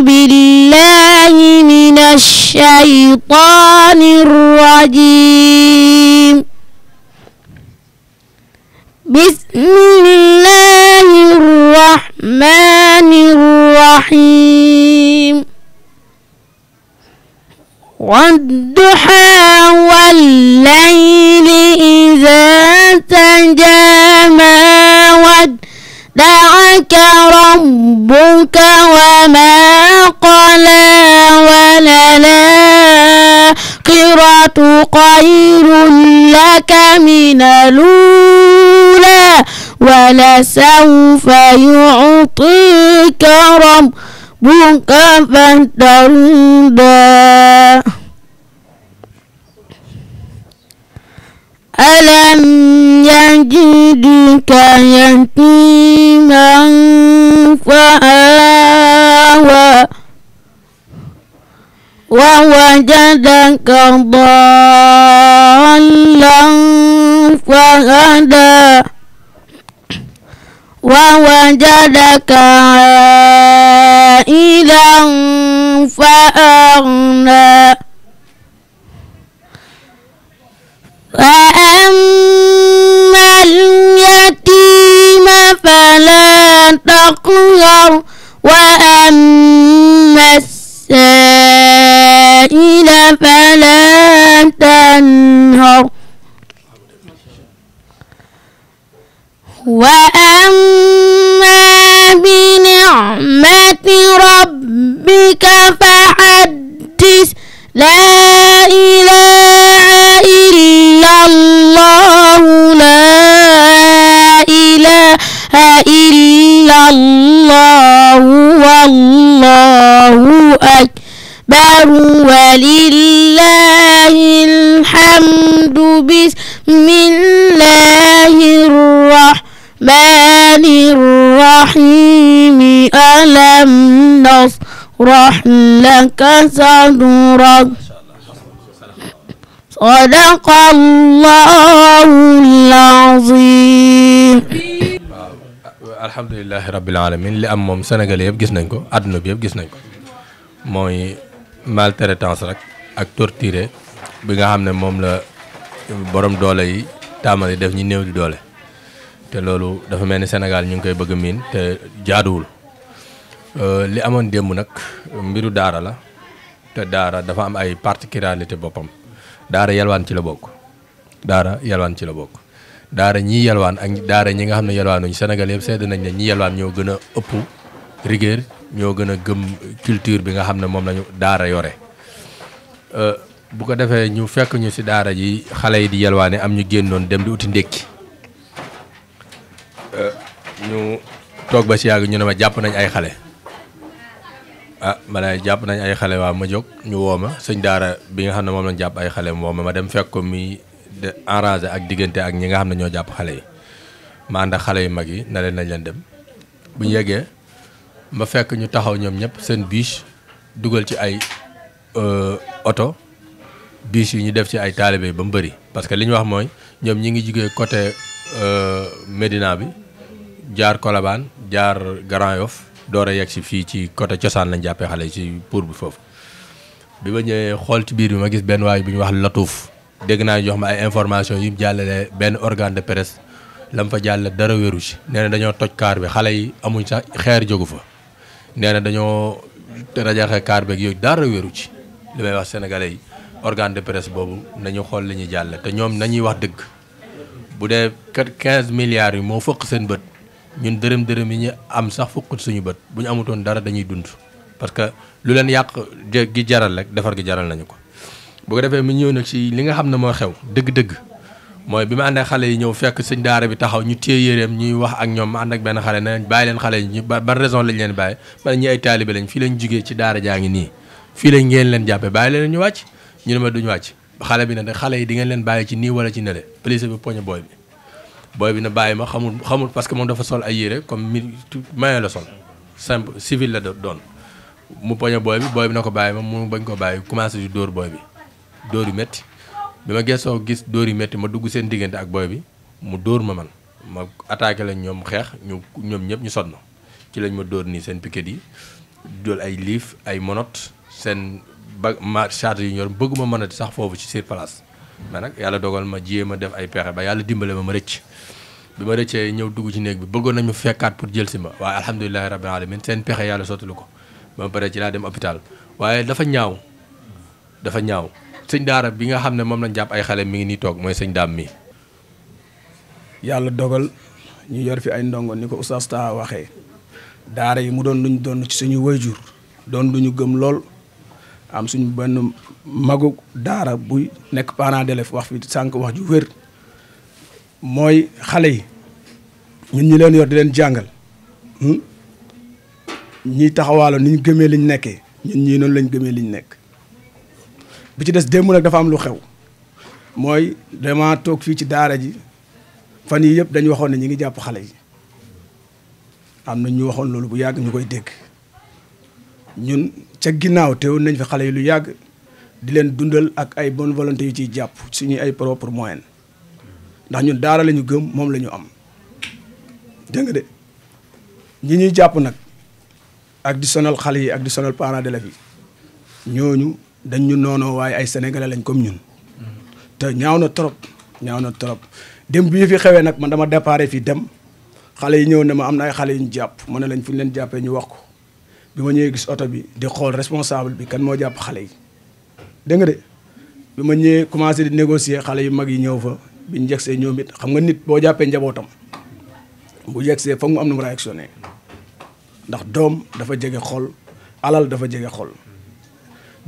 بالله من الشيطان الرجيم بسم الله الرحمن الرحيم والضحى والليل إذا تجامى والضحى دعك ربك وما قلى وللآخرة خير لك من الأولى ولسوف يعطيك ربك فترضى ألم يجدك يتيما فآوى ووجدك ضالا فهدى ووجدك عائلا فأغنى وأما اليتيم فلا تقهر وأما السائل فلا تنهر وأما بنعمة ربك فحدث لا إله الله والله أكبر ولله الحمد بسم الله الرحمن الرحيم ألم نشرح لك صدرك صدق الله العظيم alhamdulilahi rabbil alamin li am moom sénégalais yëpp gis nañ ko àdduna bi yëpp gis nañ ko mooy maltraitance rek ak torture bi nga xam ne moom la borom doole yi taamal def ñi néew di doole te loolu dafa mel ni Sénégal ñu ngi koy bëgg miin te jaaduwul euh, li amoon démb nag mbiru daara la te daara dafa am ay particularité boppam daara yalwaan ci la bokk daara yalwaan ci la bokk daara ñii yalwaan ak daara ñi nga xam ne yalwaanuñu Sénégal yëpp sedd nañ ne ñi yalwaan ñoo gën a ëpp rigueur ñoo gën a gëm culture bi nga xam ne moom lañu daara yore euh, bu ko defee ñu fekk ñu ci daara ji xale yi di yalwaane am ñu génnoon dem di uti ndékki euh, ñu toog ba si yàgg ñu ne ma jàpp nañ ay xale ah ma ne jàpp nañ ay xale waa ma jóg ñu woo ma sëñ daara bi nga xam ne moom lañ jàpp ay xale moo ma dem fekk ko mi arrangé ak diggante ak ñi nga xam ne ñoo jàpp xale yi ma ànd xale yu mag yi na leen nañ leen dem bu ñu yeggee ma fekk ñu taxaw ñoom ñëpp seen biche dugal ci ay euh, oto biche yi ñu def ci ay taalibe yi ba mu bëri parce que li ñu wax mooy ñoom ñi ngi jugee côté euh, Médina bi jaar Colobane jaar Grand Yoff door a yegg si fii ci côté cosaan lañ jàppee xale yi ci pour bi foofu bi ma ñëwee xool ci biir bi ma gis benn waay bu ñu wax Latouf dégg naa jox ma ay information yu mu jàllale benn organe de presse lam fa jàll dara wéeru ci nee dañoo toj kaar bi xale yi amuñ sax xeer jógu fa nee na dañoo rajaxe kaar beeg yooyu dara wéeru ci li may wax sénégalais yi organe de presse boobu nañu xool li ñuy jàll te ñoom nañuy wax dëgg bu dee quatre quinze milliards yi moo fëq seen bët ñun dërëm dërëm yi ñu am sax fëqut suñu bët bu ñu amutoon dara dañuy dund parce que lu leen yàq gi jaral rek defar gi jaral nañu ko. bu ko defee mu ñëw nag ci li nga xam ne moo xew dëgg-dëgg mooy bi ma ànd ak xale yi ñëw fekk sëñ daara bi taxaw ñu téye yéreem ñuy wax ak ñoom ma ànd ak benn xale ne bàyyi leen xale yi ñu ban raison lañ leen bàyyi man ñi ay taalibe lañ fii lañ jugee ci daara jaa ngi nii fii lañ ngeen leen jàppe bàyyi leen ñu wàcc ñu ne ma duñu wàcc xale bi na de xale yi di ngeen leen bàyyi ci nii wala ci nele police bi poñe booy bi booy bi na bàyyi ma xamul xamul parce que moom dafa sol ay yére comme mi mayen la sol simple civil la doon mu poñe booy bi booy ko bàyyi ma mu bañ ko bàyyi commencé di dóor bi door yu métti bi ma gëstoo gis dóor yu métti ma dugg seen diggante ak booy bi mu dóor ma man ma attaqué lañ ñoom xeex ñu ñoom ñëpp ñu sonn ci lañ ma door nii seen piquet yi dool ay liif ay monote seen ba ma charge yi ñor bëgguma mën a sax foofu ci seen place mais nag yàlla dogal ma jéem a def ay pexe ba yàlla dimbale ma ma rëcc bi ma rëccee ñëw dugg ci néeg bi bëggoon nañu fekkaat pour jël si ma waaye alhamdulilahi rabbil alamin seen pexe yàlla sottalu ko ba ci laa dem waaye dafa ñaaw dafa ñaaw sëñ daara bi nga xam ne moom lañ jàpp ay xale mi ngi nii toog mooy sëñ daam mi. yàlla dogal ñu yor fi ay ndongo ni ko oustaz Taha waxee daara yi mu doon luñ doon ci suñu jur doon lu ñu gëm lool am suñu benn magu daara buy nekk parent d'élève wax fi sànq wax ju wér mooy xale yi ñun ñu leen yor di leen jàngal hmm? ñiy taxawaalo ni ñu gëmee liñ nekkee ñun ñii noonu lañ gëmee liñ nekk bu ci des démb nag dafa am lu xew mooy dama toog fii ci daara ji fan yii yëpp dañu waxoon ne ñu ngi jàpp xale yi am na ñu waxoon loolu bu yàgg ñu koy dégg ñun ca ginnaaw teewoon nañ fi xale yi lu yàgg di leen dundal ak ay bon volonté yu ciy jàpp suñuy ay propre moyen ndax ñun daara lañu gëm moom lañu am dégg nga de ñi ñuy jàpp nag ak di sonal xale yi ak di sonal parents d'élèves yi ñooñu dañ ñu noonoo waaye ay sénégalais lañ comme ñun. te ñaaw na trop ñaaw na trop dem bii fi xewee nag man dama déparé fii dem xale yi ñëw ne ma am na ay xale yu ñu jàpp ma ne lañ fu ñu leen jàppee ñu wax ko bi ma ñëwee gis oto bi di xool responsable bi kan moo jàpp xale yi dégg de. bi ma ñëwee commencé di négocier xale yu mag yi ñëw fa bi ñu yegsee ñoom it xam nga nit boo jàppee njabootam bu yegsee foog mu am na mu réactionné ndax doom dafa jege xol alal dafa jege xol.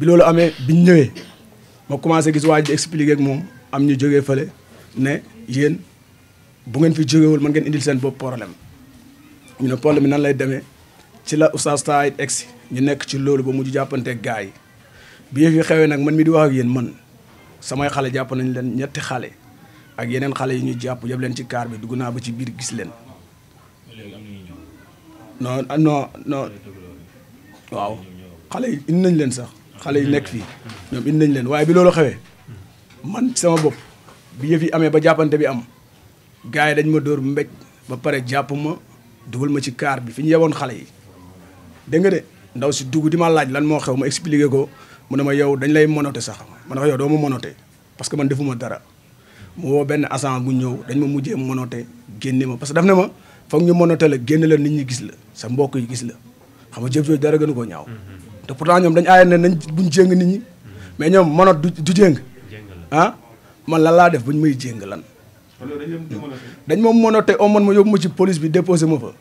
bi loolu amee biñ ñëwee ma commencé gis waa ji expliqué ak moom am ñu jógee fële ne yéen bu ngeen fi jógewul mën ngeen indil seen bopp problème ñu ne problème bi nan lay demee ci la oustaz Taïd egsi ñu nekk ci loolu ba mu mujj jàppante gars yi bi yëf xewee nag man mi di wax ak yéen man samay xale jàpp nañ leen ñetti xale ak yeneen xale yi ñuy jàpp yëpp leen ci kaar bi dugg naa ba ci biir gis leen. non non non waaw xale yi indi nañ leen sax. xale yi nekk fii ñoom nañ leen waaye bi loolu xewee man sama bopp bi yëf yi amee ba jàppante bi am gars yi dañ ma dóor mbéj ba pare jàpp ma dugal ma ci kaar bi fi ñu yeboon xale yi dégg nga de ndaw si dugg di ma laaj lan moo xew ma expliqué ko mu ne ma yow dañ lay monote sax ma ne ko yow doo ma monote parce que man defuma dara moo benn agent bu ñëw dañ ma mujjee monote génne ma parce que daf na ma foog ñu monote la génne la nit ñi gis la sa mbokk yi gis la xam nga jëf dara gënu koo ñaaw te pourtant ñoom dañ aaye ne nañ buñ jéng nit ñi mais ñoom manot du du jéng ah man lan laa def buñ muy jéng lan. dañ moom monote tey man ma yóbbu ma ci police bi déposé ma fa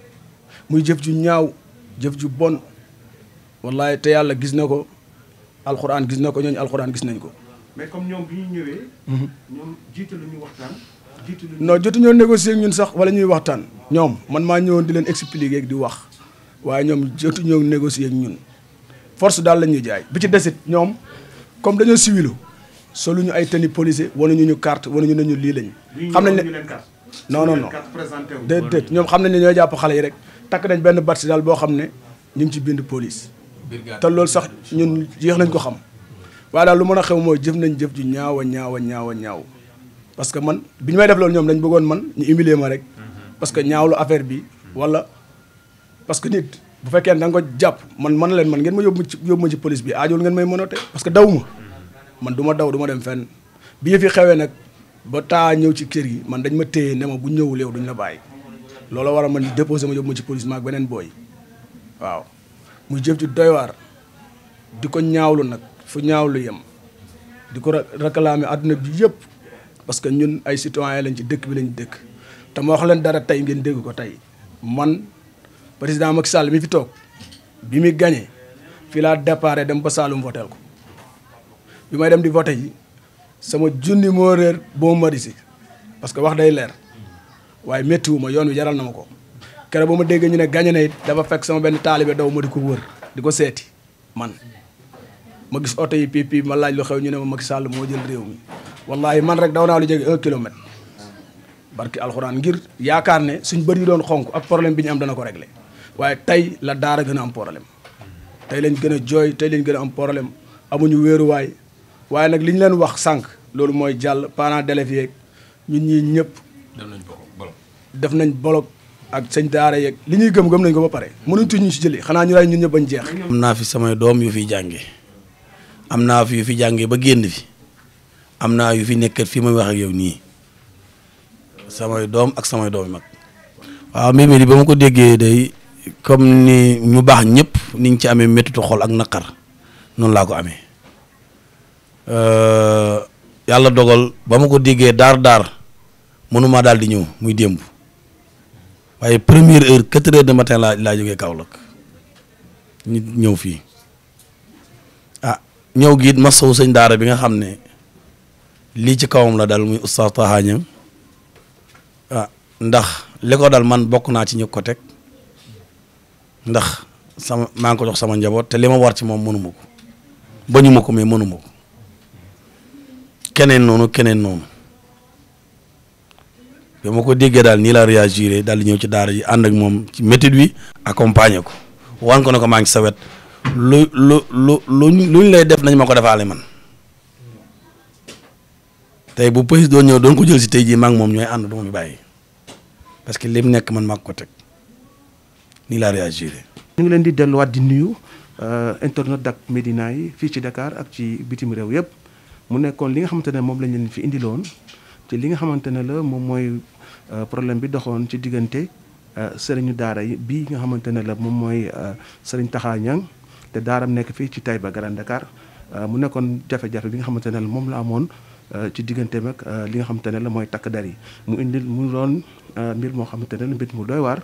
muy jëf ju ñaaw jëf ju bon wallaay te yàlla gis na ko alxuraan gis na ko ñooñu alxuraan nañ ko. mais comme ñoom bi ñu ñëwee. Mhm. ñoom jiitalu ñu waxtaan. jiitalu jotuñoo négocier ak ñun sax wala ñuy waxtaan. ñoom man maa ñëwoon di leen expliquer di wax waaye ñoom jotuñoo négocier ak ñun. force daal lañ ñuy jaay bi ci desit ñoom comme dañoo siwilu solu ñu ay tenue policier wanuñu ñu ñu carte wanuñu nañu lii lañ xam nañ ne non non non déedéet ñoom xam nañ ne ñooy jàpp xale yi rek takk nañ benn batsi daal boo xam ne ñu ngi ci bind police te loolu sax ñu yéex nañ ko xam waaye daal lu mën a xew mooy jëf nañ jëf ju ñaaw a ñaaw a ñaaw a ñaaw parce que man bi ñu may def loolu ñoom dañ bëggoon man ñu humilier ma rek mhm. parce que ñaawlu affaire bi wala parce que nit bu fekkee ne da ko jàpp man man leen man ngeen ma yóbbu ma ci ci police bi aajul ngeen may mënoote parce que daw man du ma daw du ma dem fenn bii yëf yi xewee nag ba taa ñëw ci kër gi man dañ ma téye ne ma bu ñëwul yow duñ la bàyyi loolu war a man déposé ma yóbbu ma ci police ma ak beneen booy waaw mu jëf ci doywaar di ko ñaawlu nag fu ñaawlu yem di ko réclamer àdduna bi yëpp parce que ñun ay citoyen lañ ci dëkk bi lañ dëkk te ma wax leen dara tey ngeen dégg ko tey président Macky Sall mi fi toog bi muy gagné fii laa déparé dem ba Saloum votel ko bi may dem di voté yi sama junni moo réer boo mari si parce que wax day leer waaye méttiwu ma yoon wi jaral na ma ko keroog ba ma déggee ñu ne gagné na it dafa fekk sama benn taalibe daw ma di ko wër di ko seeti man ma gis oto yi pii pii ma laaj lu xew ñu ne ma Macky Sall moo jël réew mi wallahi man rek daw naa lu jege un kilomètre barki alxuraan ngir yaakaar ne suñ bër yi doon ak problème bi ñu am dana ko réglé waaye tey la daara gën a am problème tey lañ gën a jooy tey lañ gën a am problème amuñu wéeruwaay waaye nag li ñu leen wax sànq loolu mooy jàll parents d'élèves yeeg ñun ñii ñëpp. def nañ bolok def nañ bolok ak sëñ daara yeeg li ñuy gëm gëm nañ ko ba pare mënuñ si jëli xanaa ñu ray ñun ñëpp bañ jeex. am naa fi samay doom yu fiy jànge am naa fi yu fi jàngee ba génn fi am naa yu fi nekkat fi may wax yow nii samay doom ak samay doom yi mag. waaw mbir mi ba ma ko déggee day comme ni ñu baax ñépp niñ ci amee méttitu xol ak naqar noonu laa ko amee euh, yàlla dogal ba ma ko déggee daar daar mënuma daal di ñëw muy démb waaye première heure quatre heures de matin laa laa jógee Kaolack ñu ñëw fii ah ñëw gi it masawu sëñ daara bi nga xam ne lii ci kawam la dal muy oustaz Taha Niang ah, ndax li dal man bokk naa ci ñu ko teg. ndax sama maa ko jox sama njaboot te li ma war ci moom mënuma ko bañuma ko mais mënuma keneen noonu keneen noonu bi ma ko déggee daal nii laa réagiré daal di ñëw ci daar ji ànd ak moom ci méthode bi accompagner ko wan ko ne ko maa ngi sa wet lu lu lu luñ lay def nañ ma ko defaale man tey bu pëlis doon ñëw doon ko jël si tey ji maa moom ñooy ànd du ma fi bàyyi parce que lim nekk man maa ko teg. nii laa réagir. ñu ngi leen di delluwaat di nuyu euh, internet Dak Médina yi fii ci dakaar ak ci bitim réew yëpp mu nekkoon li nga xamante ne moom lañ leen fi indiloon ci li nga xamante ne la moom mooy euh, problème bi doxoon ci diggante euh, sëriñu daara yi bii nga xamante ne la moom mooy sëriñ Taxa Ñang te daaram nekk fii ci Taïba Grand Dakar mu nekkoon jafe-jafe bi nga xamante ne la moom la amoon. ci diggante ak li nga xamante ne la mooy takk der yi mu indil mu doon mbir moo xamante ne la mbir mu doy waar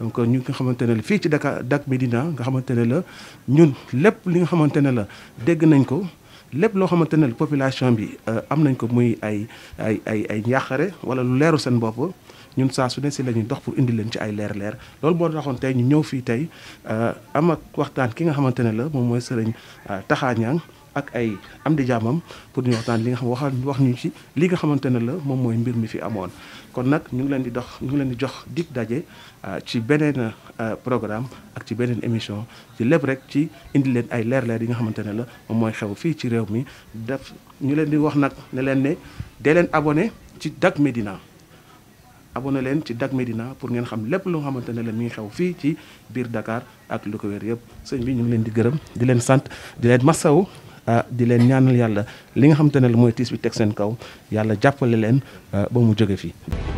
donc euh, ñu nga xamante ne la fii ci Dakar Dak Médina nga xamante ne la ñun lépp li nga xamante ne la dégg nañ ko lépp loo xamante ne la population bi euh, am nañ ko muy ay ay ay ay njaaxare wala lu leeru seen bopp ñun saa su ne si la ñuy dox pour indi leen ci ay leer-leer loolu moo taxoon tey ñu ñëw fii tey euh, am ak waxtaan ki nga xamante ne la moom mooy sëriñ taxaañaan ak ay am di jàmmam pour ñu waxtaan li nga xam wax ñu ci li nga xamante ne la moom mooy mbir mi fi amoon. kon nag ñu ngi leen di dox ñu leen di jox dig daje euh, ci beneen euh, programme ak ci beneen émission ci lépp rek ci indi leen ay leerleer yi nga xamante ne la moom mooy xew fii ci réew mi def ñu leen di wax nag ne leen ne dee leen abone ci Dak Médina. abonné leen ci Dak Médina pour ngeen xam lépp lu xamante ne la mi ngi xew fii ci biir dakaar ak lu ko wér yëpp sëñ bi ñu ngi leen di gërëm ah di leen ñaanal yàlla li nga xam te ne la mooy tiis bi teg seen kaw yàlla jàppale leen ah, ba mu jóge fii